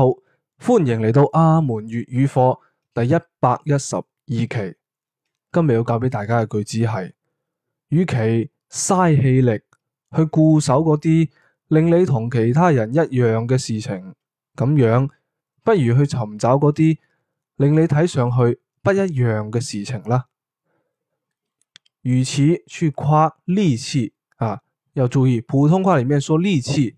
好，歡迎嚟到阿門粵語課第一百一十二期。今日要教俾大家嘅句子、就、係、是：，與其嘥氣力去固守嗰啲令你同其他人一樣嘅事情，咁樣，不如去尋找嗰啲令你睇上去不一樣嘅事情啦。如此去誇呢次，啊，又注意普通話裏面說呢次。